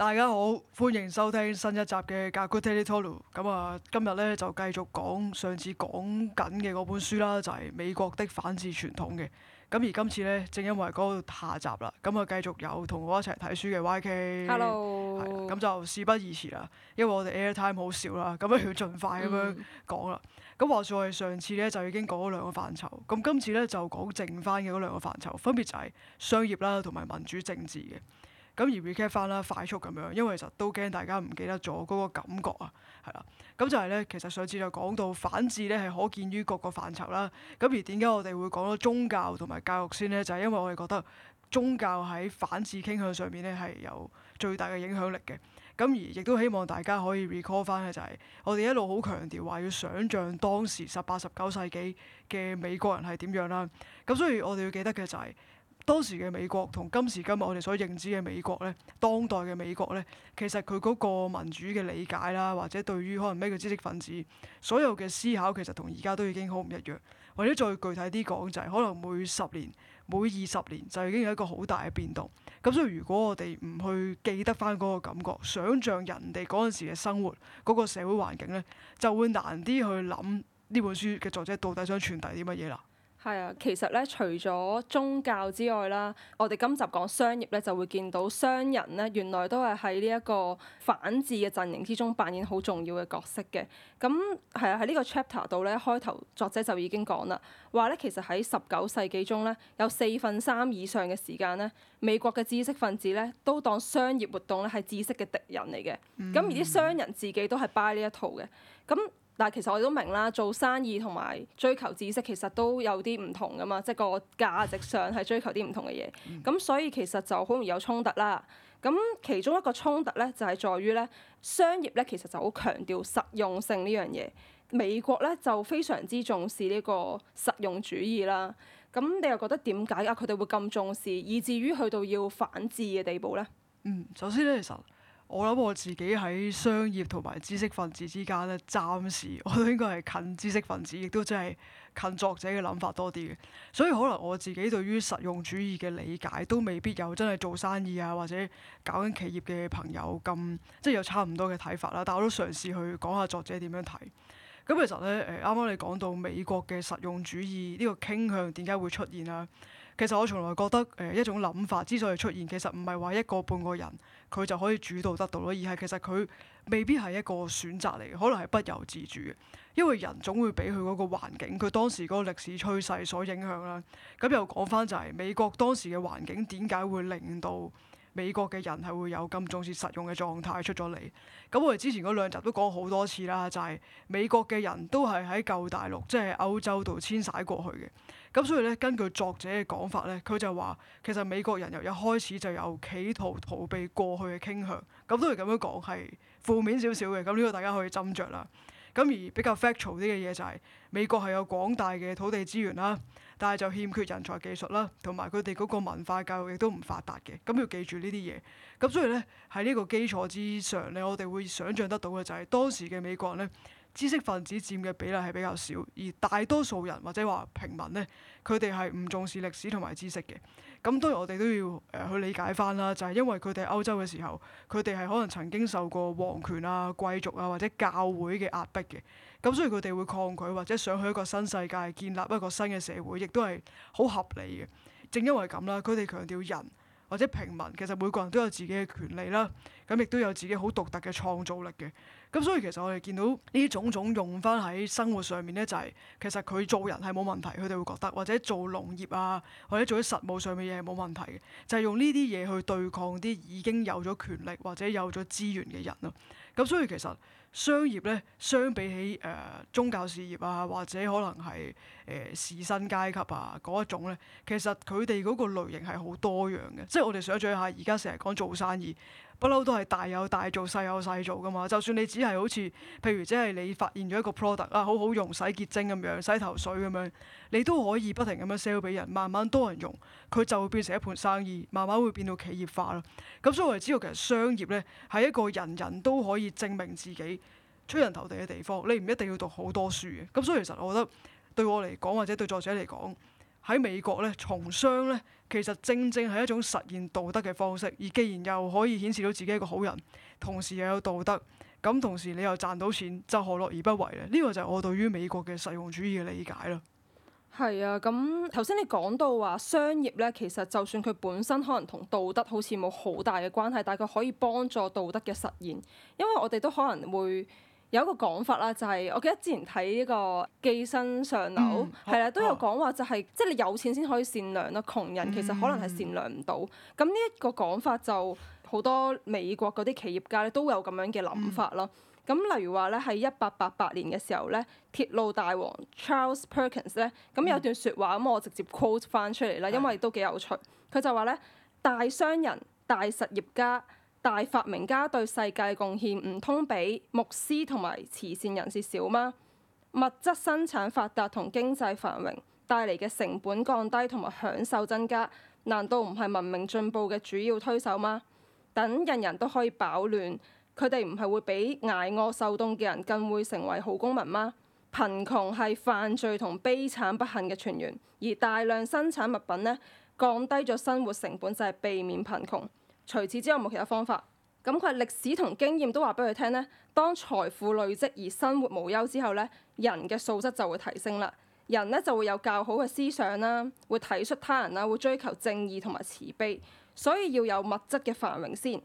大家好，歡迎收聽新一集嘅《逆說有益書》。咁啊，今日咧就繼續講上次講緊嘅嗰本書啦，就係、是《美國的反智傳統》嘅。咁而今次咧，正因為嗰下集啦，咁啊繼續有同我一齊睇書嘅 YK。Hello。咁就事不宜遲啦，因為我哋 airtime 好少啦，咁啊要盡快咁樣講啦。咁、mm. 話說，我哋上次咧就已經講咗兩個範疇，咁今次咧就講剩翻嘅嗰兩個範疇，分別就係商業啦，同埋民主政治嘅。咁而 recall 翻啦，快速咁樣，因為其實都驚大家唔記得咗嗰個感覺啊，係啦，咁就係咧，其實上次就講到反智咧係可見於各個範疇啦。咁而點解我哋會講到宗教同埋教育先咧？就係因為我哋覺得宗教喺反智傾向上面咧係有最大嘅影響力嘅。咁而亦都希望大家可以 recall 翻嘅就係，我哋一路好強調話要想像當時十八、十九世紀嘅美國人係點樣啦。咁所以我哋要記得嘅就係。當時嘅美國同今時今日我哋所認知嘅美國咧，當代嘅美國咧，其實佢嗰個民主嘅理解啦，或者對於可能咩叫知識分子，所有嘅思考其實同而家都已經好唔一樣。或者再具體啲講，就係可能每十年、每二十年就已經有一個好大嘅變動。咁所以如果我哋唔去記得返嗰個感覺，想像人哋嗰陣時嘅生活嗰個社會環境咧，就會難啲去諗呢本書嘅作者到底想傳遞啲乜嘢啦。係啊，其實咧，除咗宗教之外啦，我哋今集講商業咧，就會見到商人咧，原來都係喺呢一個反智嘅陣營之中扮演好重要嘅角色嘅。咁係啊，喺呢個 chapter 度咧，開頭作者就已經講啦，話咧其實喺十九世紀中咧，有四分三以上嘅時間咧，美國嘅知識分子咧都當商業活動咧係知識嘅敵人嚟嘅。咁、嗯、而啲商人自己都係 buy 呢一套嘅。咁但係其實我哋都明啦，做生意同埋追求知識其實都有啲唔同噶嘛，即係個價值上係追求啲唔同嘅嘢。咁、嗯、所以其實就好容易有衝突啦。咁其中一個衝突咧就係、是、在於咧，商業咧其實就好強調實用性呢樣嘢。美國咧就非常之重視呢個實用主義啦。咁你又覺得點解啊？佢哋會咁重視，以至於去到要反智嘅地步咧？嗯，首先呢個。我諗我自己喺商業同埋知識分子之間咧，暫時我都應該係近知識分子，亦都真係近作者嘅諗法多啲嘅。所以可能我自己對於實用主義嘅理解，都未必有真係做生意啊或者搞緊企業嘅朋友咁即係有差唔多嘅睇法啦。但我都嘗試去講下作者點樣睇。咁其實咧，誒啱啱你講到美國嘅實用主義呢個傾向點解會出現啊？其實我從來覺得誒、呃、一種諗法之所以出現，其實唔係話一個半個人佢就可以主導得到咯，而係其實佢未必係一個選擇嚟，可能係不由自主，因為人總會俾佢嗰個環境，佢當時嗰個歷史趨勢所影響啦。咁又講返就係美國當時嘅環境點解會令到美國嘅人係會有咁重視實用嘅狀態出咗嚟，咁我哋之前嗰兩集都講好多次啦，就係美國嘅人都係喺舊大陸，即係歐洲度遷徙過去嘅，咁所以咧根據作者嘅講法咧，佢就話其實美國人由一開始就有企圖逃避過去嘅傾向，咁都係咁樣講係負面少少嘅，咁呢個大家可以斟酌啦。咁而比較 factual 啲嘅嘢就係美國係有廣大嘅土地資源啦，但係就欠缺人才技術啦，同埋佢哋嗰個文化教育亦都唔發達嘅。咁要記住呢啲嘢。咁所以咧喺呢個基礎之上咧，我哋會想像得到嘅就係當時嘅美國人咧，知識分子佔嘅比例係比較少，而大多數人或者話平民咧。佢哋係唔重視歷史同埋知識嘅，咁當然我哋都要誒去理解翻啦。就係因為佢哋喺歐洲嘅時候，佢哋係可能曾經受過皇權啊、貴族啊或者教會嘅壓迫嘅，咁所以佢哋會抗拒或者想去一個新世界建立一個新嘅社會，亦都係好合理嘅。正因為咁啦，佢哋強調人或者平民其實每個人都有自己嘅權利啦，咁亦都有自己好獨特嘅創造力嘅。咁所以其實我哋見到呢種種用翻喺生活上面咧，就係、是、其實佢做人係冇問題，佢哋會覺得或者做農業啊，或者做啲實務上面嘢係冇問題嘅，就係、是、用呢啲嘢去對抗啲已經有咗權力或者有咗資源嘅人咯。咁所以其實商業咧，相比起誒、呃、宗教事業啊，或者可能係。誒，士紳階級啊，嗰一種呢，其實佢哋嗰個類型係好多樣嘅，即係我哋想象下，而家成日講做生意，不嬲都係大有大做，細有細做噶嘛。就算你只係好似，譬如即係你發現咗一個 product 啊，好好用洗潔精咁樣，洗頭水咁樣，你都可以不停咁樣 sell 俾人，慢慢多人用，佢就會變成一盤生意，慢慢會變到企業化咯。咁所以我哋知道其實商業呢，係一個人人都可以證明自己出人頭地嘅地方，你唔一定要讀好多書嘅。咁所以其實我覺得。對我嚟講，或者對作者嚟講，喺美國咧從商咧，其實正正係一種實現道德嘅方式。而既然又可以顯示到自己係一個好人，同時又有道德，咁同時你又賺到錢，就何樂而不為咧？呢個就係我對於美國嘅實用主義嘅理解啦。係啊，咁頭先你講到話商業咧，其實就算佢本身可能同道德好似冇好大嘅關係，但係佢可以幫助道德嘅實現，因為我哋都可能會。有一個講法啦，就係、是、我記得之前睇呢個寄生上流，係啦、嗯，都有講話就係、是，即、就、係、是、你有錢先可以善良咯。窮人其實可能係善良唔到。咁呢一個講法就好多美國嗰啲企業家咧都有咁樣嘅諗法咯。咁、嗯、例如話咧，喺一八八八年嘅時候咧，鐵路大王 Charles Perkins 咧，咁有段説話，咁我直接 quote 翻出嚟啦，因為都幾有趣。佢就話咧，大商人、大實業家。大發明家對世界貢獻唔通比牧師同埋慈善人士少嗎？物質生產發達同經濟繁榮帶嚟嘅成本降低同埋享受增加，難道唔係文明進步嘅主要推手嗎？等人人都可以飽暖，佢哋唔係會比挨餓受凍嘅人更會成為好公民嗎？貧窮係犯罪同悲慘不幸嘅泉源，而大量生產物品呢，降低咗生活成本就係、係、避免貧窮。除此之外冇其他方法。咁佢歷史同經驗都話俾佢聽呢，當財富累積而生活無憂之後呢，人嘅素質就會提升啦，人呢就會有較好嘅思想啦，會體恤他人啦，會追求正義同埋慈悲。所以要有物質嘅繁榮先，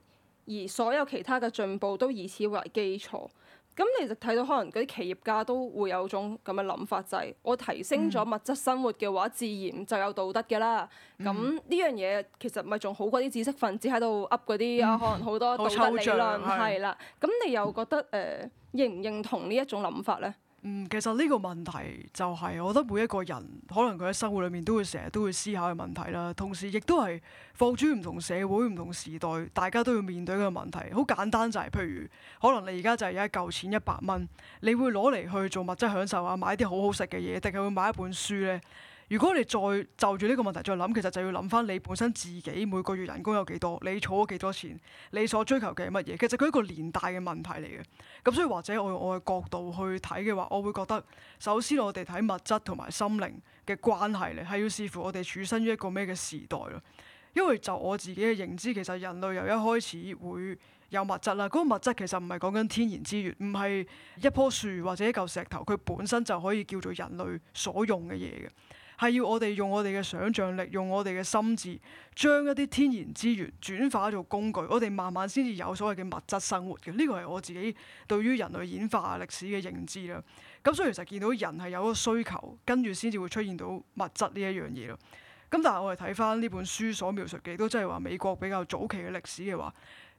而所有其他嘅進步都以此為基礎。咁你就睇到可能嗰啲企業家都會有種咁嘅諗法，就係、是、我提升咗物質生活嘅話、嗯、自然就有道德嘅啦。咁呢樣嘢其實咪仲好過啲知識分子喺度噏嗰啲啊，嗯、可能好多道德理論，係啦。咁你又覺得誒、呃、認唔認同呢一種諗法咧？嗯，其實呢個問題就係我覺得每一個人可能佢喺生活裏面都會成日都會思考嘅問題啦。同時亦都係放諸唔同社會唔同時代，大家都要面對嘅問題。好簡單，就係，就係譬如可能你而家就係有一嚿錢一百蚊，你會攞嚟去做物質享受啊，買啲好好食嘅嘢，定係會買一本書咧？如果你再就住呢個問題再諗，其實就要諗翻你本身自己每個月人工有幾多，你儲咗幾多錢，你所追求嘅係乜嘢？其實佢係一個年代嘅問題嚟嘅。咁所以或者我用我嘅角度去睇嘅話，我會覺得首先我哋睇物質同埋心靈嘅關係咧，係要視乎我哋處身於一個咩嘅時代咯。因為就我自己嘅認知，其實人類由一開始會有物質啦，嗰個物質其實唔係講緊天然資源，唔係一棵樹或者一嚿石頭，佢本身就可以叫做人類所用嘅嘢嘅。係要我哋用我哋嘅想像力，用我哋嘅心智，將一啲天然資源轉化做工具，我哋慢慢先至有所謂嘅物質生活嘅。呢個係我自己對於人類演化歷史嘅認知啦。咁所以其實見到人係有個需求，跟住先至會出現到物質呢一樣嘢咯。咁但係我哋睇翻呢本書所描述嘅，都即係話美國比較早期嘅歷史嘅話，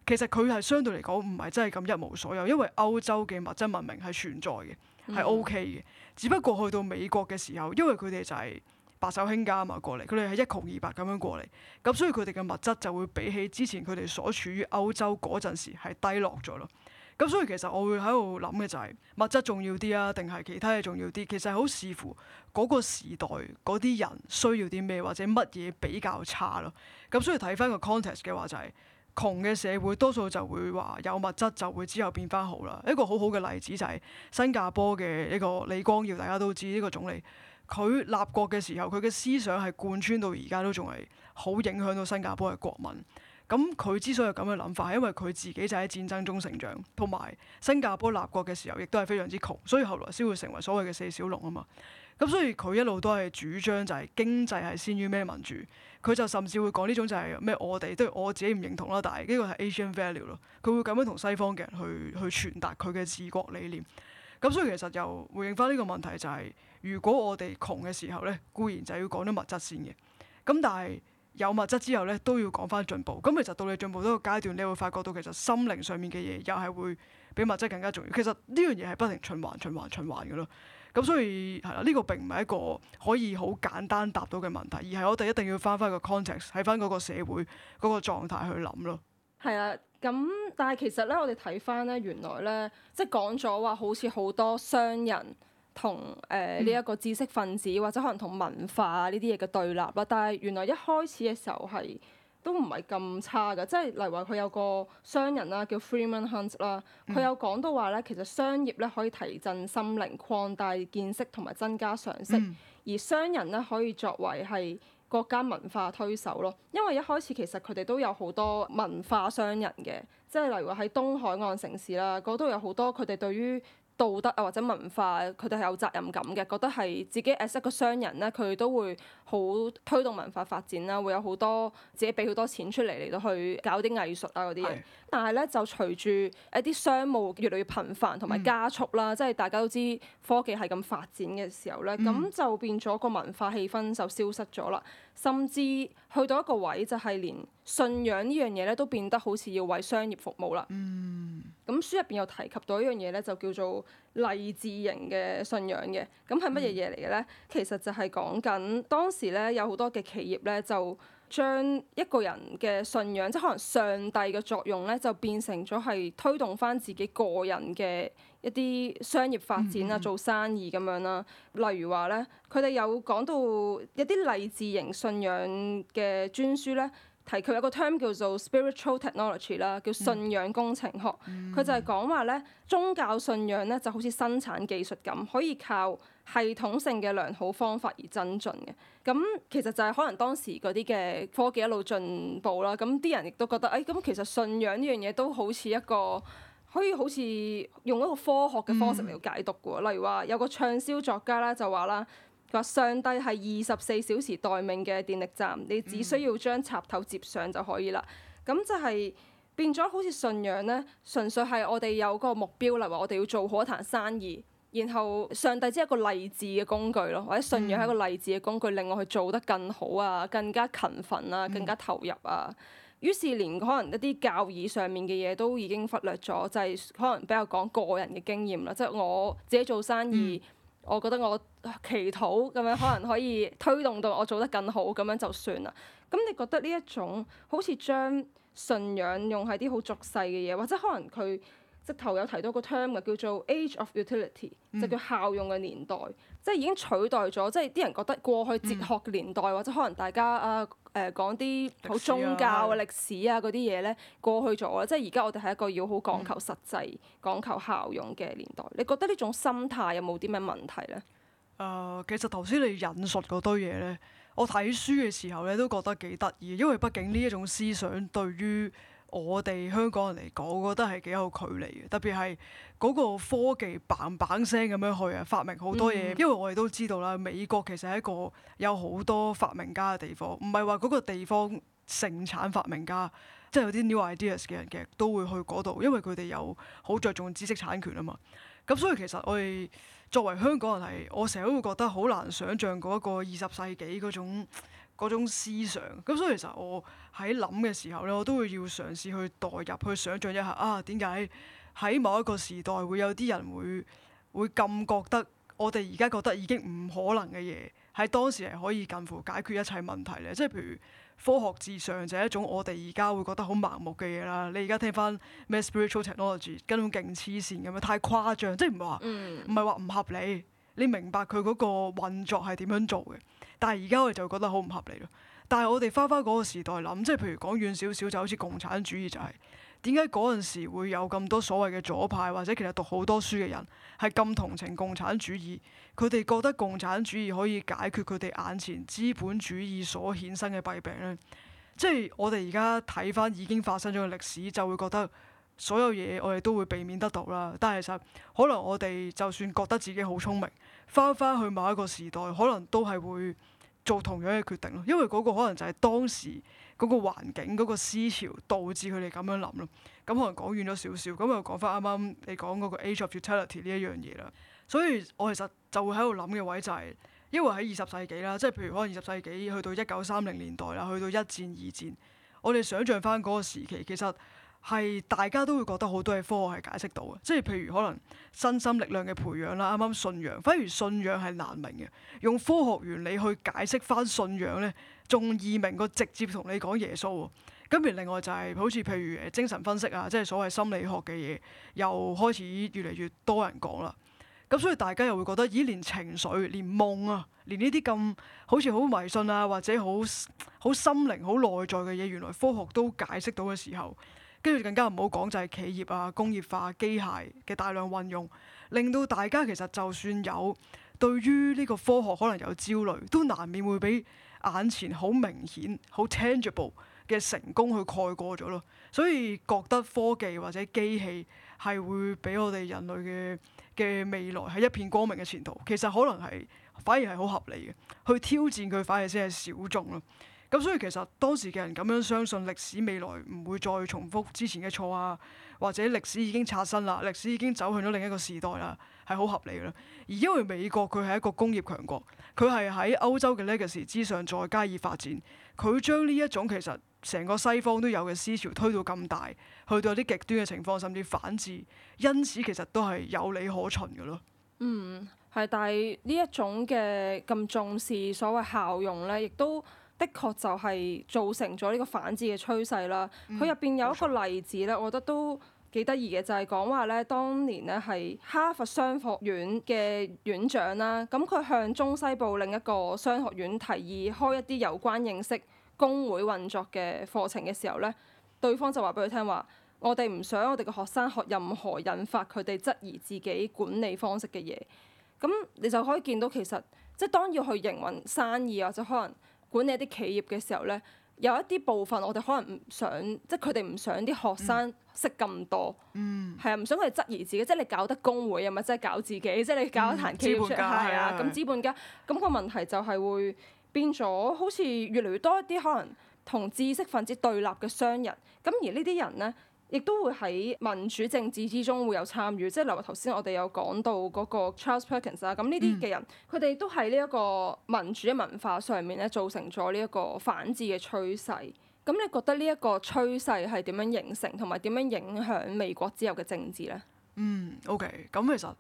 其實佢係相對嚟講唔係真係咁一無所有，因為歐洲嘅物質文明係存在嘅。係 OK 嘅，只不過去到美國嘅時候，因為佢哋就係白手興家啊嘛，過嚟，佢哋係一窮二白咁樣過嚟，咁所以佢哋嘅物質就會比起之前佢哋所處於歐洲嗰陣時係低落咗咯。咁所以其實我會喺度諗嘅就係、是、物質重要啲啊，定係其他嘢重要啲？其實係好視乎嗰個時代嗰啲人需要啲咩，或者乜嘢比較差咯。咁所以睇返個 context 嘅話就係、是。窮嘅社會多數就會話有物質就會之後變翻好啦。一個好好嘅例子就係新加坡嘅呢個李光耀，大家都知呢個總理。佢立國嘅時候，佢嘅思想係貫穿到而家都仲係好影響到新加坡嘅國民。咁佢之所以有咁嘅諗法，係因為佢自己就喺戰爭中成長，同埋新加坡立國嘅時候，亦都係非常之窮，所以後來先會成為所謂嘅四小龍啊嘛。咁所以佢一路都係主張就係經濟係先於咩民主，佢就甚至會講呢種就係咩我哋，當然我自己唔認同啦。但係呢個係 Asian Values 咯，佢會咁樣同西方嘅人去去傳達佢嘅治國理念。咁所以其實又回應翻呢個問題就係，如果我哋窮嘅時候咧，固然就要講啲物質先嘅。咁但係有物質之後咧，都要講翻進步。咁其實到你進步到一個階段，你會發覺到其實心靈上面嘅嘢又係會比物質更加重要。其實呢樣嘢係不停循環、循環、循環嘅咯。咁所以係啦，呢個並唔係一個可以好簡單答到嘅問題，而係我哋一定要翻翻個 context，喺翻嗰個社會嗰個狀態去諗咯。係啊，咁但係其實咧，我哋睇翻咧，原來咧，即係講咗話好似好多商人同誒呢一個知識分子或者可能同文化啊呢啲嘢嘅對立啦，但係原來一開始嘅時候係。都唔係咁差嘅，即係例如話佢有個商人啦，叫 Freeman Hunt 啦，佢、嗯、有講到話咧，其實商業咧可以提振心靈、擴大見識同埋增加常識，嗯、而商人咧可以作為係國家文化推手咯，因為一開始其實佢哋都有好多文化商人嘅，即係例如話喺東海岸城市啦，嗰度有好多佢哋對於。道德啊，或者文化，佢哋係有責任感嘅，覺得係自己 as 一個商人咧，佢都會好推動文化發展啦，會有好多自己俾好多錢出嚟嚟到去搞啲藝術啊嗰啲嘢。但係咧，就隨住一啲商務越嚟越頻繁同埋加速啦，嗯、即係大家都知科技係咁發展嘅時候咧，咁、嗯、就變咗個文化氣氛就消失咗啦，甚至去到一個位就係、是、連信仰呢樣嘢咧都變得好似要為商業服務啦。嗯。咁書入邊又提及到一樣嘢咧，就叫做勵志型嘅信仰嘅，咁係乜嘢嘢嚟嘅咧？嗯、其實就係講緊當時咧有好多嘅企業咧就。將一個人嘅信仰，即係可能上帝嘅作用咧，就變成咗係推動翻自己個人嘅一啲商業發展啊、嗯嗯嗯，做生意咁樣啦。例如話咧，佢哋有講到一啲勵志型信仰嘅專書咧。提佢有個 term 叫做 spiritual technology 啦，叫信仰工程學。佢、嗯、就係講話咧，宗教信仰咧就好似生產技術咁，可以靠系統性嘅良好方法而增進嘅。咁其實就係可能當時嗰啲嘅科技一路進步啦，咁啲人亦都覺得，誒、哎、咁其實信仰呢樣嘢都好似一個可以好似用一個科學嘅方式嚟到解讀嘅。嗯、例如話有個暢銷作家啦，就話啦。話上帝係二十四小時待命嘅電力站，你只需要將插頭接上就可以啦。咁、嗯、就係、是、變咗好似信仰呢，純粹係我哋有嗰個目標，例如話我哋要做好一壇生意，然後上帝只係一個勵志嘅工具咯，或者信仰係一個勵志嘅工具，令我去做得更好啊，更加勤奮啊，更加投入啊。嗯、於是連可能一啲教義上面嘅嘢都已經忽略咗，就係、是、可能比較講個人嘅經驗啦，即、就、係、是、我自己做生意，嗯我覺得我祈禱，咁樣可能可以推動到我做得更好，咁樣就算啦。咁你覺得呢一種好似將信仰用喺啲好俗世嘅嘢，或者可能佢？即頭有提到個 term 嘅叫做 Age of Utility，就、嗯、叫效用嘅年代，即係已經取代咗，即係啲人覺得過去哲學嘅年代，嗯、或者可能大家啊誒、呃、講啲好宗教啊歷、歷史啊嗰啲嘢咧過去咗，即係而家我哋係一個要好講求實際、嗯、講求效用嘅年代。你覺得呢種心態有冇啲咩問題咧？誒、呃，其實頭先你引述嗰堆嘢咧，我睇書嘅時候咧都覺得幾得意，因為畢竟呢一種思想對於～我哋香港人嚟講，我覺得係幾有距離嘅。特別係嗰個科技棒棒聲咁樣去啊，發明好多嘢。嗯、因為我哋都知道啦，美國其實係一個有好多發明家嘅地方，唔係話嗰個地方盛產發明家，即係有啲 new ideas 嘅人嘅，都會去嗰度，因為佢哋有好着重知識產權啊嘛。咁所以其實我哋作為香港人係，我成日都會覺得好難想像嗰個二十世紀嗰種。嗰種思想，咁所以其實我喺諗嘅時候咧，我都會要嘗試去代入，去想像一下啊，點解喺某一個時代會有啲人會會咁覺得，我哋而家覺得已經唔可能嘅嘢，喺當時係可以近乎解決一切問題咧。即係譬如科學至上就係一種我哋而家會覺得好盲目嘅嘢啦。你而家聽翻咩 spiritual technology，根本勁黐線咁樣，太誇張，即係唔係話唔係話唔合理？你明白佢嗰個運作係點樣做嘅？但係而家我哋就覺得好唔合理咯。但係我哋翻返嗰個時代諗，即係譬如講遠少少，就好似共產主義就係點解嗰陣時會有咁多所謂嘅左派，或者其實讀好多書嘅人係咁同情共產主義，佢哋覺得共產主義可以解決佢哋眼前資本主義所衍生嘅弊病咧。即係我哋而家睇翻已經發生咗嘅歷史，就會覺得所有嘢我哋都會避免得到啦。但係其實可能我哋就算覺得自己好聰明。翻翻去某一個時代，可能都係會做同樣嘅決定咯，因為嗰個可能就係當時嗰個環境，嗰個思潮導致佢哋咁樣諗咯。咁可能講遠咗少少，咁又講翻啱啱你講嗰個 Age of Futility 呢一樣嘢啦。所以，我其實就會喺度諗嘅位就係因為喺二十世紀啦，即係譬如可能二十世紀去到一九三零年代啦，去到一戰、二戰，我哋想象翻嗰個時期其實。係大家都會覺得好多嘢科學係解釋到嘅，即係譬如可能身心力量嘅培養啦，啱啱信仰反而信仰係難明嘅。用科學原理去解釋返信仰呢，仲易明過直接同你講耶穌。咁而另外就係好似譬如精神分析啊，即係所謂心理學嘅嘢，又開始越嚟越多人講啦。咁所以大家又會覺得，咦？連情緒、連夢啊，連呢啲咁好似好迷信啊，或者好好心靈、好內在嘅嘢，原來科學都解釋到嘅時候。跟住更加唔好講，就係企業啊、工業化、機械嘅大量運用，令到大家其實就算有對於呢個科學可能有焦慮，都難免會俾眼前好明顯、好 tangible 嘅成功去蓋過咗咯。所以覺得科技或者機器係會俾我哋人類嘅嘅未來係一片光明嘅前途，其實可能係反而係好合理嘅，去挑戰佢反而先係小眾咯。咁所以其實當時嘅人咁樣相信歷史未來唔會再重複之前嘅錯啊，或者歷史已經刷新啦，歷史已經走向咗另一個時代啦，係好合理嘅啦。而因為美國佢係一個工業強國，佢係喺歐洲嘅 legacy 之上再加以發展，佢將呢一種其實成個西方都有嘅思潮推到咁大，去到啲極端嘅情況，甚至反智，因此其實都係有理可循嘅咯。嗯，係，但係呢一種嘅咁重視所謂效用咧，亦都，的確就係造成咗呢個反智嘅趨勢啦。佢入邊有一個例子咧，嗯、我覺得都幾得意嘅，就係講話咧，當年咧係哈佛商學院嘅院長啦。咁佢向中西部另一個商學院提議開一啲有關認識工會運作嘅課程嘅時候咧，對方就話俾佢聽話，我哋唔想我哋嘅學生學任何引發佢哋質疑自己管理方式嘅嘢。咁你就可以見到其實即係當要去營運生意或者可能。管理一啲企業嘅時候咧，有一啲部分我哋可能唔想，即係佢哋唔想啲學生識咁多，係啊、嗯，唔想佢哋質疑自己，即係你搞得工會啊，咪即係搞自己，嗯、即係你搞一壇 capital 啊，咁資本家，咁、啊啊、個問題就係會變咗，好似越嚟越多一啲可能同知識分子對立嘅商人，咁而呢啲人咧。亦都會喺民主政治之中會有參與，即係例如頭先我哋有講到嗰個 Charles Perkins 啦，咁呢啲嘅人佢哋都喺呢一個民主嘅文化上面咧造成咗呢一個反智嘅趨勢。咁你覺得呢一個趨勢係點樣形成，同埋點樣影響美國之後嘅政治咧？嗯，OK，咁其實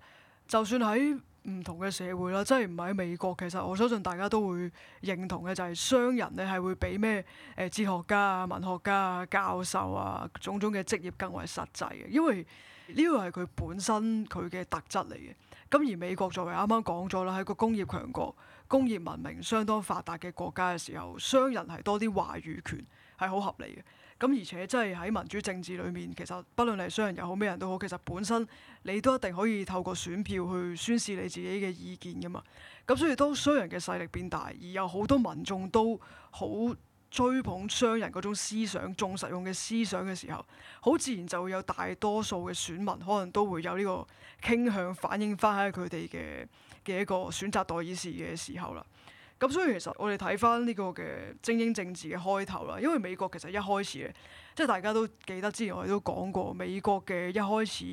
就算喺唔同嘅社會啦，即係唔係喺美國。其實我相信大家都會認同嘅就係商人咧係會比咩誒哲學家啊、文學家啊、教授啊種種嘅職業更為實際嘅，因為呢個係佢本身佢嘅特質嚟嘅。咁而美國作為啱啱講咗啦，喺個工業強國、工業文明相當發達嘅國家嘅時候，商人係多啲話語權係好合理嘅。咁而且真係喺民主政治裏面，其實不論你係商人又好，咩人都好，其實本身你都一定可以透過選票去宣示你自己嘅意見噶嘛。咁所以當商人嘅勢力變大，而有好多民眾都好追捧商人嗰種思想、重實用嘅思想嘅時候，好自然就會有大多數嘅選民可能都會有呢個傾向，反映翻喺佢哋嘅嘅一個選擇代議士嘅時候啦。咁所以其實我哋睇返呢個嘅精英政治嘅開頭啦，因為美國其實一開始咧，即係大家都記得之前我哋都講過美國嘅一開始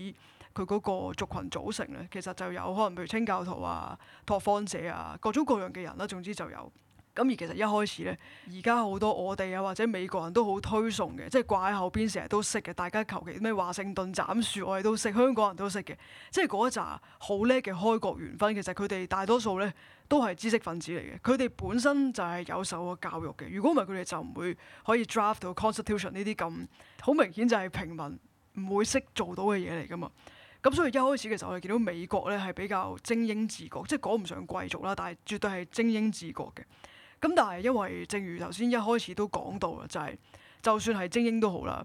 佢嗰個族群組成咧，其實就有可能譬如清教徒啊、拓荒者啊，各種各樣嘅人啦、啊，總之就有。咁而其實一開始呢，而家好多我哋啊或者美國人都好推崇嘅，即係掛喺後邊成日都識嘅。大家求其咩華盛頓斬樹，我哋都識，香港人都識嘅。即係嗰一紮好叻嘅開國元勳。其實佢哋大多數呢都係知識分子嚟嘅。佢哋本身就係有受過教育嘅。如果唔係佢哋就唔會可以 draft 到 constitution 呢啲，咁好明顯就係平民唔會識做到嘅嘢嚟㗎嘛。咁所以一開始嘅時候，我見到美國呢係比較精英治國，即係講唔上貴族啦，但係絕對係精英治國嘅。咁但係因為正如頭先一開始都講到啦，就係就算係精英都好啦，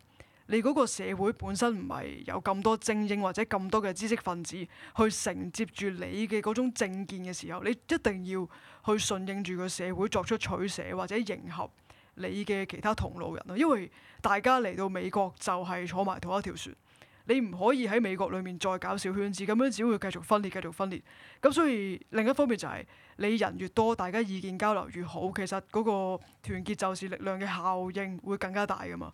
你嗰個社會本身唔係有咁多精英或者咁多嘅知識分子去承接住你嘅嗰種政見嘅時候，你一定要去順應住個社會作出取捨或者迎合你嘅其他同路人咯，因為大家嚟到美國就係坐埋同一條船。你唔可以喺美國裏面再搞小圈子，咁樣只會繼續分裂，繼續分裂。咁所以另一方面就係、是、你人越多，大家意見交流越好，其實嗰個團結就是力量嘅效應會更加大噶嘛。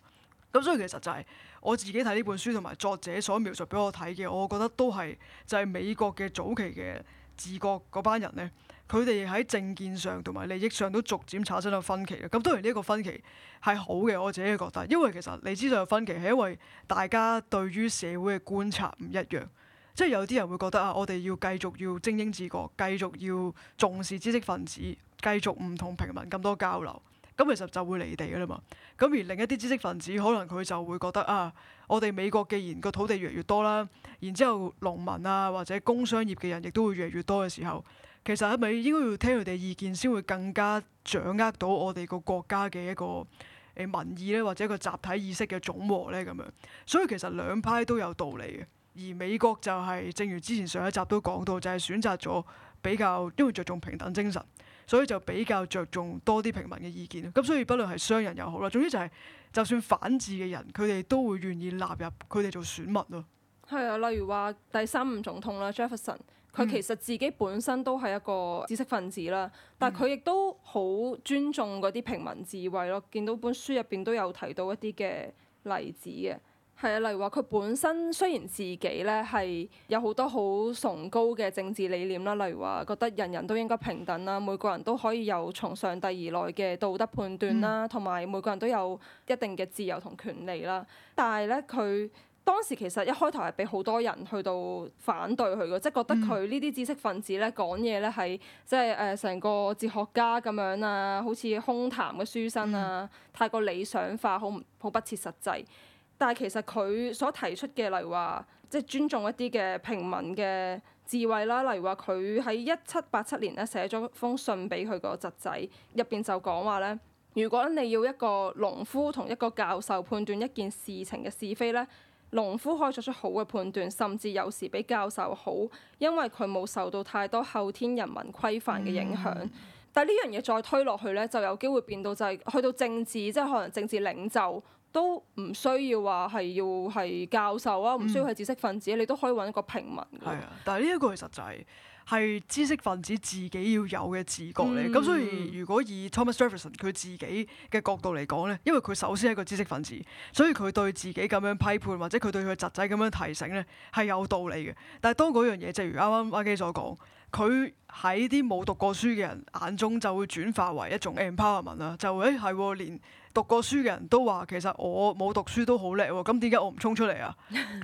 咁所以其實就係我自己睇呢本書同埋作者所描述俾我睇嘅，我覺得都係就係美國嘅早期嘅治國嗰班人呢。佢哋喺政見上同埋利益上都逐漸產生咗分歧啦。咁當然呢一個分歧係好嘅，我自己覺得，因為其實你之所以有分歧係因為大家對於社會嘅觀察唔一樣，即係有啲人會覺得啊，我哋要繼續要精英治國，繼續要重視知識分子，繼續唔同平民咁多交流，咁其實就會離地㗎啦嘛。咁而另一啲知識分子可能佢就會覺得啊，我哋美國既然個土地越嚟越多啦，然之後農民啊或者工商業嘅人亦都會越嚟越多嘅時候。 其實係咪、啊、應該要聽佢哋意見先會更加掌握到我哋個國家嘅一個誒民意咧，或者一個集體意識嘅總和咧咁樣？所以其實兩派都有道理嘅。而美國就係、是、正如之前上一集都講到，就係、是、選擇咗比較因為着重平等精神，所以就比較着重多啲平民嘅意見。咁所以不論係商人又好啦，總之就係、是、就算反智嘅人，佢哋都會願意納入佢哋做選民咯。係啊，例如話第三任總統啦，Jefferson。佢其實自己本身都係一個知識分子啦，但佢亦都好尊重嗰啲平民智慧咯。見到本書入邊都有提到一啲嘅例子嘅，係啊，例如話佢本身雖然自己咧係有好多好崇高嘅政治理念啦，例如話覺得人人都應該平等啦，每個人都可以有從上帝而來嘅道德判斷啦，同埋每個人都有一定嘅自由同權利啦，但係咧佢。當時其實一開頭係俾好多人去到反對佢嘅，即係覺得佢呢啲知識分子咧講嘢咧係即係誒成個哲學家咁樣啊，好似空談嘅書生啊，太過理想化，好好不切實際。但係其實佢所提出嘅，例如話即係尊重一啲嘅平民嘅智慧啦，例如話佢喺一七八七年咧寫咗封信俾佢個侄仔，入邊就講話咧，如果你要一個農夫同一個教授判斷一件事情嘅是非咧。農夫可以作出好嘅判斷，甚至有時比教授好，因為佢冇受到太多後天人文規範嘅影響。嗯、但係呢樣嘢再推落去呢，就有機會變到就係、係、去到政治，即係可能政治領袖都唔需要話係要係教授啊，唔需要係知識分子，嗯、你都可以揾一個平民。但係呢一個係實際。係知識分子自己要有嘅自覺嚟。咁、嗯、所以如果以 Thomas Jefferson 佢自己嘅角度嚟講呢，因為佢首先係一個知識分子，所以佢對自己咁樣批判或者佢對佢侄仔咁樣提醒呢，係有道理嘅。但係當嗰樣嘢，正如啱啱阿基所講，佢喺啲冇讀過書嘅人眼中就會轉化為一種 empowerment 啦，就誒係連讀過書嘅人都話其實我冇讀書都好叻喎，咁點解我唔衝出嚟啊？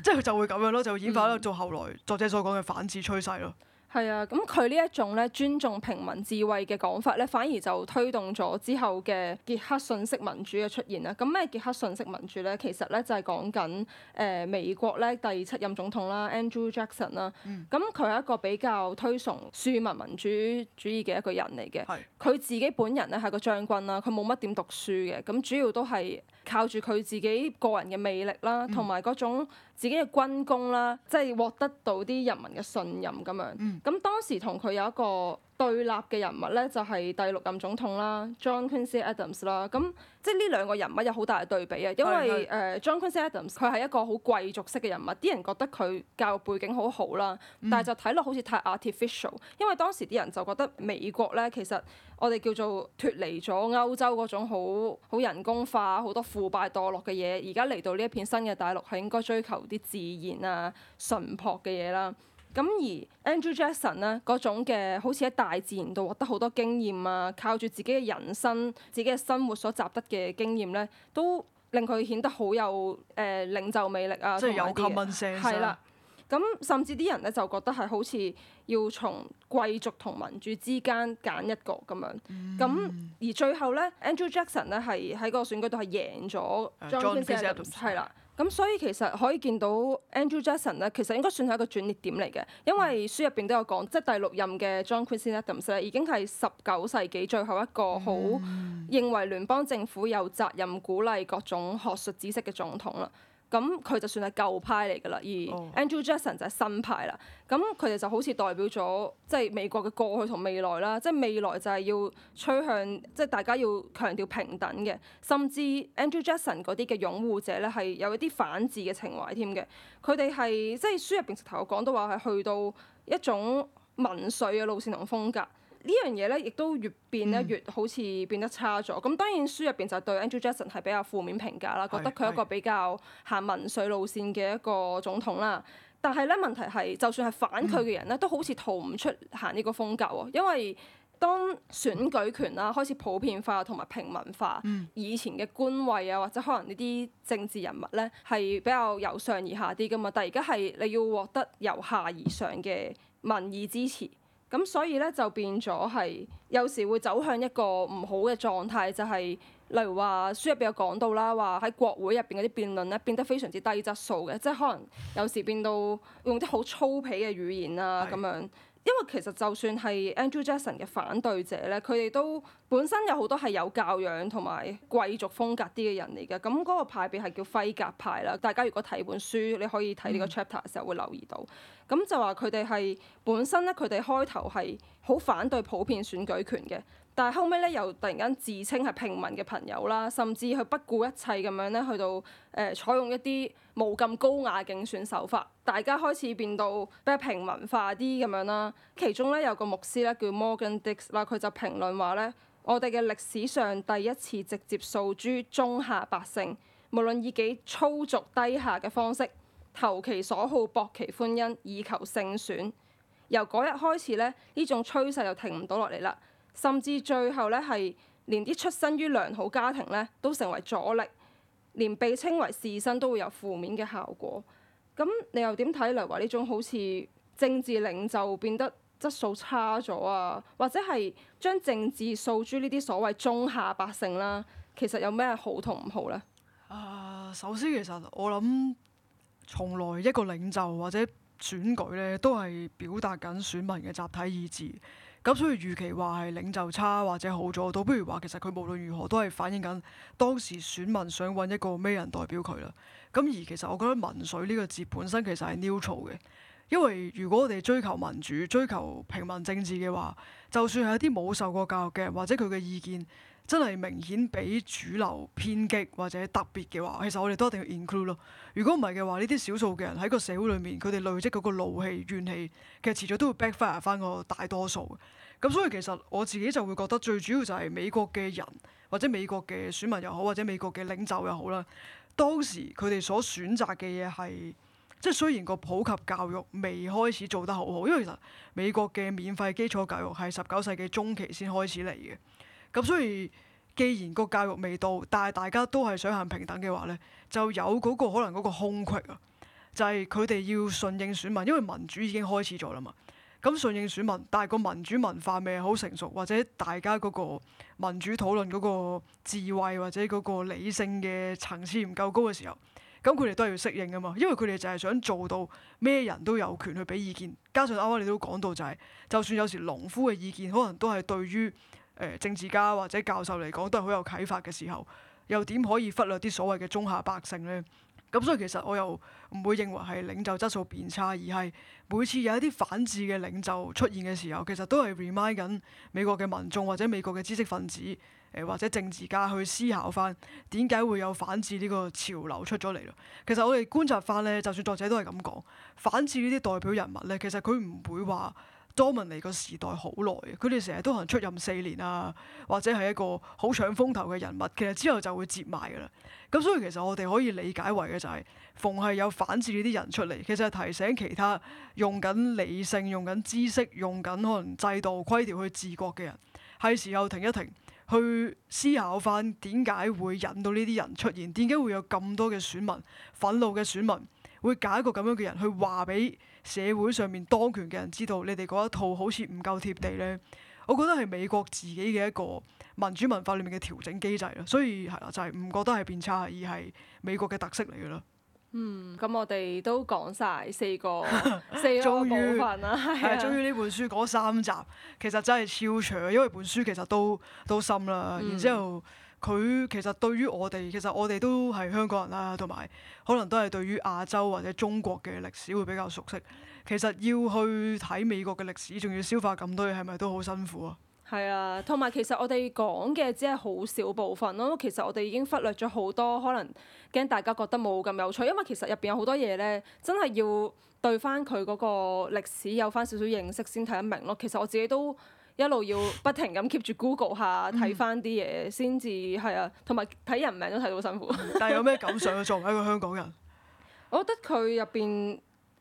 即係 佢就，就會咁樣咯，就會演化啦，嗯、做後來作者所講嘅反智趨勢咯。係啊，咁佢呢一種咧尊重平民智慧嘅講法咧，反而就推動咗之後嘅傑克遜式民主嘅出現啦。咁咩傑克遜式民主咧？其實咧就係講緊誒美國咧第七任總統啦，Andrew Jackson 啦、嗯。咁佢係一個比較推崇庶民民主主義嘅一個人嚟嘅。佢自己本人咧係個將軍啦，佢冇乜點讀書嘅，咁主要都係靠住佢自己個人嘅魅力啦，同埋嗰種自己嘅軍功啦，即係獲得到啲人民嘅信任咁樣。嗯。咁當時同佢有一個對立嘅人物咧，就係第六任總統啦，John Quincy Adams 啦。咁即係呢兩個人物有好大嘅對比啊，因為誒、 uh, John Quincy Adams 佢係一個好貴族式嘅人物，啲人覺得佢教育背景好好啦，但係就睇落好似太 artificial。因為當時啲人就覺得美國咧，其實我哋叫做脫離咗歐洲嗰種好好人工化、好多腐敗墮落嘅嘢。而家嚟到呢一片新嘅大陸，係應該追求啲自然啊、純樸嘅嘢啦。咁而 Andrew Jackson 咧嗰種嘅好似喺大自然度獲得好多經驗啊，靠住自己嘅人生、自己嘅生活所習得嘅經驗咧，都令佢顯得好有誒、呃、領袖魅力啊，即同埋啲嘢係啦。咁 common sense 甚至啲人咧就覺得係好似要從貴族同民主之間揀一個咁樣。咁、嗯、而最後咧 Andrew Jackson 咧係喺嗰個選舉度係贏咗、嗯。係啦 C. Adams, B .。咁所以其實可以見到 Andrew Jackson 咧，其實應該算係一個轉捩點嚟嘅，因為書入邊都有講，即係第六任嘅 John Quincy Adams 咧，已經係十九世紀最後一個好認為聯邦政府有責任鼓勵各種學術知識嘅總統啦。咁佢就算係舊派嚟噶啦，而 Andrew Jackson 就係新派啦。咁佢哋就好似代表咗即係美國嘅過去同未來啦。即係未來就係要趨向，即係大家要強調平等嘅，甚至 Andrew Jackson 嗰啲嘅擁護者咧係有一啲反智嘅情懷添嘅。佢哋係即係書入邊，直頭講都話係去到一種民粹嘅路線同風格。呢樣嘢咧，亦都越變咧越好似變得差咗。咁、嗯、當然書入邊就對 Andrew Jackson 係比較負面評價啦，嗯、覺得佢一個比較行民粹路線嘅一個總統啦。嗯、但係咧問題係就算係反佢嘅人咧，嗯、都好似逃唔出行呢個風格喎。因為當選舉權啦開始普遍化同埋平民化，嗯、以前嘅官位啊或者可能呢啲政治人物咧係比較由上而下啲噶嘛，但係而家係你要獲得由下而上嘅民意支持。咁所以咧就變咗係有時會走向一個唔好嘅狀態，就係、是、例如話書入邊有講到啦，話喺國會入邊嗰啲辯論咧變得非常之低質素嘅，即係可能有時變到用啲好粗鄙嘅語言啊咁是樣。因為其實就算係 Andrew Jackson 嘅反對者咧，佢哋都本身有好多係有教養同埋貴族風格啲嘅人嚟嘅，咁、那、嗰個派別係叫輝格派啦。大家如果睇本書，你可以睇呢個 chapter 嘅時候會留意到，咁就話佢哋係本身咧，佢哋開頭係好反對普遍選舉權嘅。但係後尾咧，又突然間自稱係平民嘅朋友啦，甚至去不顧一切咁樣咧，去到誒、呃、採用一啲冇咁高雅競選手法，大家開始變到比較平民化啲咁樣啦。其中咧有個牧師咧叫 Morgan Dix 啦，佢就評論話咧，我哋嘅歷史上第一次直接訴諸中下百姓，無論以幾粗俗低下嘅方式投其所好，博其歡欣，以求勝選。由嗰日開始咧，呢種趨勢就停唔到落嚟啦。甚至最後咧，係連啲出身於良好家庭咧，都成為阻力；連被稱為士紳都會有負面嘅效果。咁你又點睇嚟話呢種好似政治領袖變得質素差咗啊？或者係將政治訴諸呢啲所謂中下百姓啦，其實有咩好同唔好呢？啊、呃，首先其實我諗，從來一個領袖或者選舉咧，都係表達緊選民嘅集體意志。咁所以預期話係領袖差或者好咗，倒不如話其實佢無論如何都係反映緊當時選民想揾一個咩人代表佢啦。咁而其實我覺得民粹呢個字本身其實係 neutral 嘅，因為如果我哋追求民主、追求平民政治嘅話，就算係一啲冇受過教育嘅，或者佢嘅意見真係明顯比主流偏激或者特別嘅話，其實我哋都一定要 include 咯。如果唔係嘅話，呢啲少數嘅人喺個社會裏面，佢哋累積嗰個怒氣、怨氣，其實遲早都會 backfire 翻個大多數。咁所以其實我自己就會覺得，最主要就係美國嘅人或者美國嘅選民又好，或者美國嘅領袖又好啦，當時佢哋所選擇嘅嘢係即係雖然個普及教育未開始做得好好，因為其實美國嘅免費基礎教育係十九世紀中期先開始嚟嘅。咁所以，既然個教育未到，但係大家都係想向平等嘅話咧，就有嗰個可能嗰個空隙啊，就係佢哋要順應選民，因為民主已經開始咗啦嘛。咁順應選民，但係個民主文化未係好成熟，或者大家嗰個民主討論嗰個智慧或者嗰個理性嘅層次唔夠高嘅時候，咁佢哋都係要適應啊嘛。因為佢哋就係想做到咩人都有權去俾意見，加上啱啱你都講到就係，就算有時農夫嘅意見可能都係對於。誒政治家或者教授嚟講都係好有啟發嘅時候，又點可以忽略啲所謂嘅中下百姓呢？咁所以其實我又唔會認為係領袖質素變差，而係每次有一啲反智嘅領袖出現嘅時候，其實都係 remind 緊美國嘅民眾或者美國嘅知識分子，誒或者政治家去思考翻點解會有反智呢個潮流出咗嚟咯。其實我哋觀察翻咧，就算作者都係咁講，反智呢啲代表人物咧，其實佢唔會話。多文嚟個時代好耐，佢哋成日都可能出任四年啊，或者係一個好搶風頭嘅人物。其實之後就會接埋㗎啦。咁所以其實我哋可以理解為嘅就係、是，逢係有反智呢啲人出嚟，其實係提醒其他用緊理性、用緊知識、用緊可能制度規條去治國嘅人，係時候停一停，去思考返點解會引到呢啲人出現，點解會有咁多嘅選民，憤怒嘅選民。會揀一個咁樣嘅人去話俾社會上面當權嘅人知道，你哋嗰一套好似唔夠貼地咧。我覺得係美國自己嘅一個民主文化裏面嘅調整機制啦。所以係啦，就係、是、唔覺得係變差，而係美國嘅特色嚟嘅啦。嗯，咁我哋都講晒四個 後四個，個部分啦，係啊，終於呢的本書講咗三集，其實真係超長，因為本書其實都都深啦，嗯、然之後。佢其實對於我哋，其實我哋都係香港人啦，同埋可能都係對於亞洲或者中國嘅歷史會比較熟悉。其實要去睇美國嘅歷史，仲要消化咁多嘢，係咪都好辛苦啊？係啊，同埋其實我哋講嘅只係好少部分咯。其實我哋已經忽略咗好多，可能驚大家覺得冇咁有趣，因為其實入邊有好多嘢呢，真係要對翻佢嗰個歷史有翻少少認識先睇得明咯。其實我自己都～一路要不停咁 keep 住 Google 下睇翻啲嘢，先至係啊，同埋睇人名都睇到辛苦、嗯。但係有咩感想？作為一個香港人， 我覺得佢入邊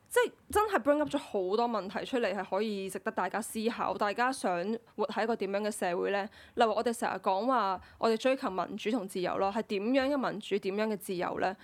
即係真係 bring up 咗好多問題出嚟，係可以值得大家思考。大家想活喺一個點樣嘅社會咧？例如我哋成日講話，我哋追求民主同自由咯，係點樣嘅民主？點樣嘅自由咧？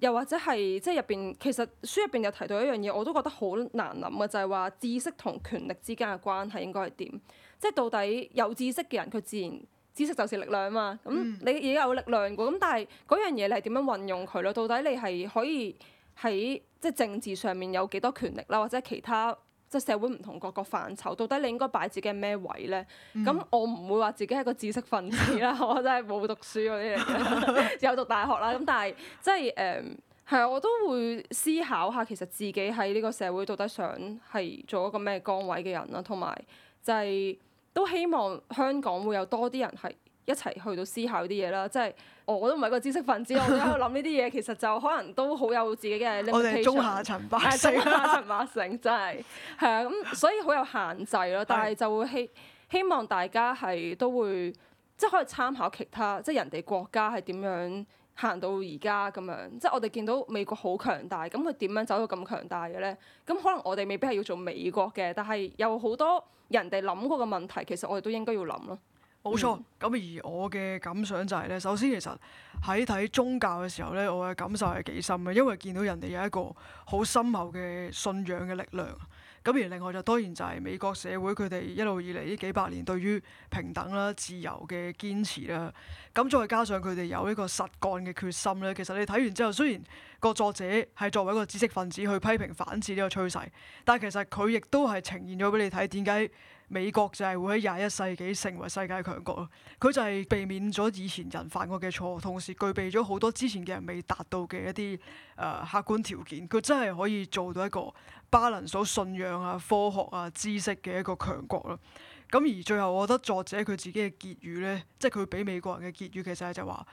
又或者係即係入邊，其實書入邊有提到一樣嘢，我都覺得好難諗嘅，就係話知識同權力之間嘅關係應該係點？即係到底有知識嘅人，佢自然知識就是力量嘛。咁你已經有力量嘅，咁但係嗰樣嘢你係點樣運用佢咧？到底你係可以喺即係政治上面有幾多權力啦，或者其他？即係社會唔同各個範疇，到底你應該擺自己喺咩位咧？咁、嗯、我唔會話自己係個知識份子啦， 我真係冇讀書嗰啲嘅，就係、 只有讀大學啦。咁但係即係誒，係、就、啊、是嗯，我都會思考下，其實自己喺呢個社會到底想係做一個咩崗位嘅人啦，同埋就係、是、都希望香港會有多啲人係。一齊去到思考啲嘢啦，即係我都唔係個知識分子，我喺度諗呢啲嘢，其實就可能都好有自己嘅。 我哋中下層百姓， 中下層百姓真係係啊，咁所以好有限制咯。 但係就會希希望大家係都會即係可以參考其他，即係人哋國家係點樣行到而家咁樣。即係我哋見到美國好強大，咁佢點樣走到咁強大嘅咧？咁可能我哋未必係要做美國嘅，但係有好多人哋諗過嘅問題，其實我哋都應該要諗咯。冇錯，咁而我嘅感想就係咧，首先其實喺睇宗教嘅時候咧，我嘅感受係幾深嘅，因為見到人哋有一個好深厚嘅信仰嘅力量。咁而另外就當然就係美國社會佢哋一路以嚟呢幾百年對於平等啦、自由嘅堅持啦。咁再加上佢哋有一個實幹嘅決心咧，其實你睇完之後，雖然個作者係作為一個知識分子去批評反智呢個趨勢，但其實佢亦都係呈現咗俾你睇點解。美國就係會喺廿一世紀成為世界強國啦。佢就係避免咗以前人犯過嘅錯，同時具備咗好多之前嘅人未達到嘅一啲誒客觀條件。佢真係可以做到一個巴倫所信仰啊、科學啊、知識嘅一個強國啦。咁而最後，我覺得作者佢自己嘅結語呢，即係佢俾美國人嘅結語，其實係就話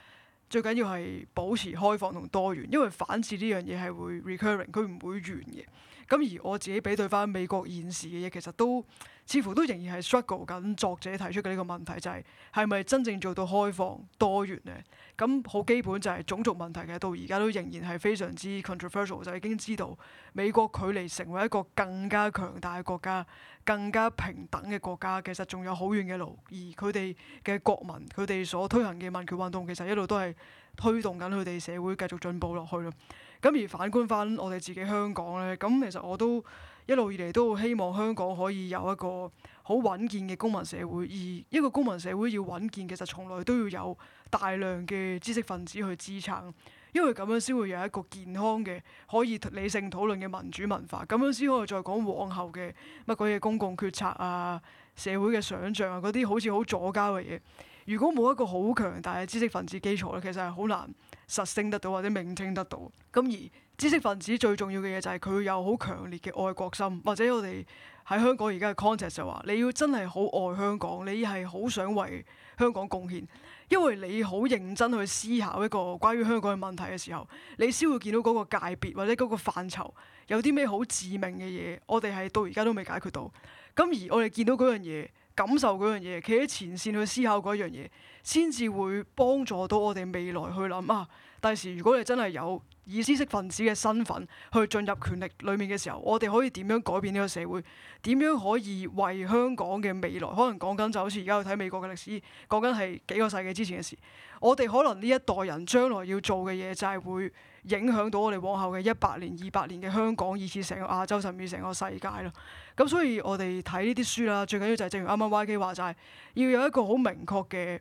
最緊要係保持開放同多元，因為反智呢樣嘢係會 recurring，佢唔會完嘅。咁而我自己比對返美國現時嘅嘢，其實都似乎都仍然係 struggle 緊作者提出嘅呢個問題，就係係咪真正做到開放多元咧？咁好基本就係種族問題嘅，到而家都仍然係非常之 controversial，就已經知道美國距離成為一個更加強大嘅國家、更加平等嘅國家，其實仲有好遠嘅路。而佢哋嘅國民，佢哋所推行嘅民權運動，其實一路都係推動緊佢哋社會繼續進步落去咯。咁而反觀翻我哋自己香港咧，咁其實我都一路以嚟都希望香港可以有一個好穩健嘅公民社會。而一個公民社會要穩健，其實從來都要有大量嘅知識分子去支撐，因為咁樣先會有一個健康嘅可以理性討論嘅民主文化。咁樣先可以再講往後嘅乜鬼嘢公共決策啊，社會嘅想像啊，嗰啲好似好左膠嘅嘢，如果冇一個好強大嘅知識分子基礎咧，其實係好難實踐得到或者明稱得到。咁而知識分子最重要嘅嘢就係佢有好強烈嘅愛國心，或者我哋喺香港而家嘅 concept 就話，你要真係好愛香港，你係好想為香港貢獻，因為你好認真去思考一個關於香港嘅問題嘅時候，你先會見到嗰個界別或者嗰個範疇有啲咩好致命嘅嘢，我哋係到而家都未解決到。咁而我哋見到嗰樣嘢，感受嗰樣嘢，企喺前線去思考嗰樣嘢，先至會幫助到我哋未來去諗啊。第時如果你真係有以知識分子嘅身份去進入權力裏面嘅時候，我哋可以點樣改變呢個社會？點樣可以為香港嘅未來？可能講緊就好似而家去睇美國嘅歷史，講緊係幾個世紀之前嘅事。我哋可能呢一代人將來要做嘅嘢，就係會影響到我哋往後嘅一百年、二百年嘅香港，以至成個亞洲，甚至成個世界咯。咁所以，我哋睇呢啲書啦，最緊要就係正如啱啱 YK 話，就係要有一個好明確嘅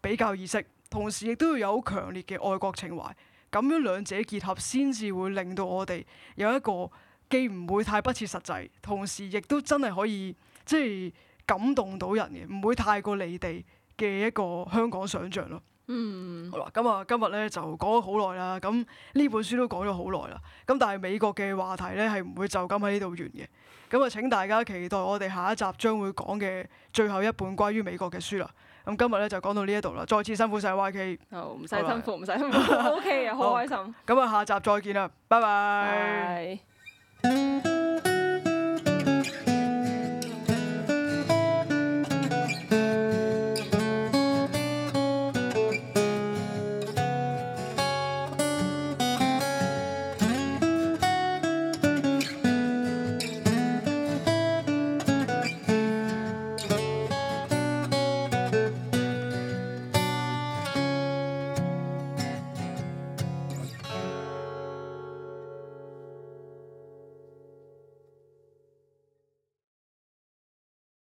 比較意識，同時亦都要有好強烈嘅愛國情懷。咁樣兩者結合，先至會令到我哋有一個既唔會太不切實際，同時亦都真係可以即係感動到人嘅，唔會太過離地嘅一個香港想像咯。嗯，好啦，咁啊，今日咧就講咗好耐啦，咁呢本書都講咗好耐啦，咁但係美國嘅話題咧係唔會就咁喺呢度完嘅，咁啊請大家期待我哋下一集將會講嘅最後一本關於美國嘅書啦，咁今日咧就講到呢一度啦，再次辛苦晒 YK，好唔使辛苦，唔使吧辛苦，辛苦 ，OK 啊，好開心，咁啊下集再見啦，拜拜。Bye.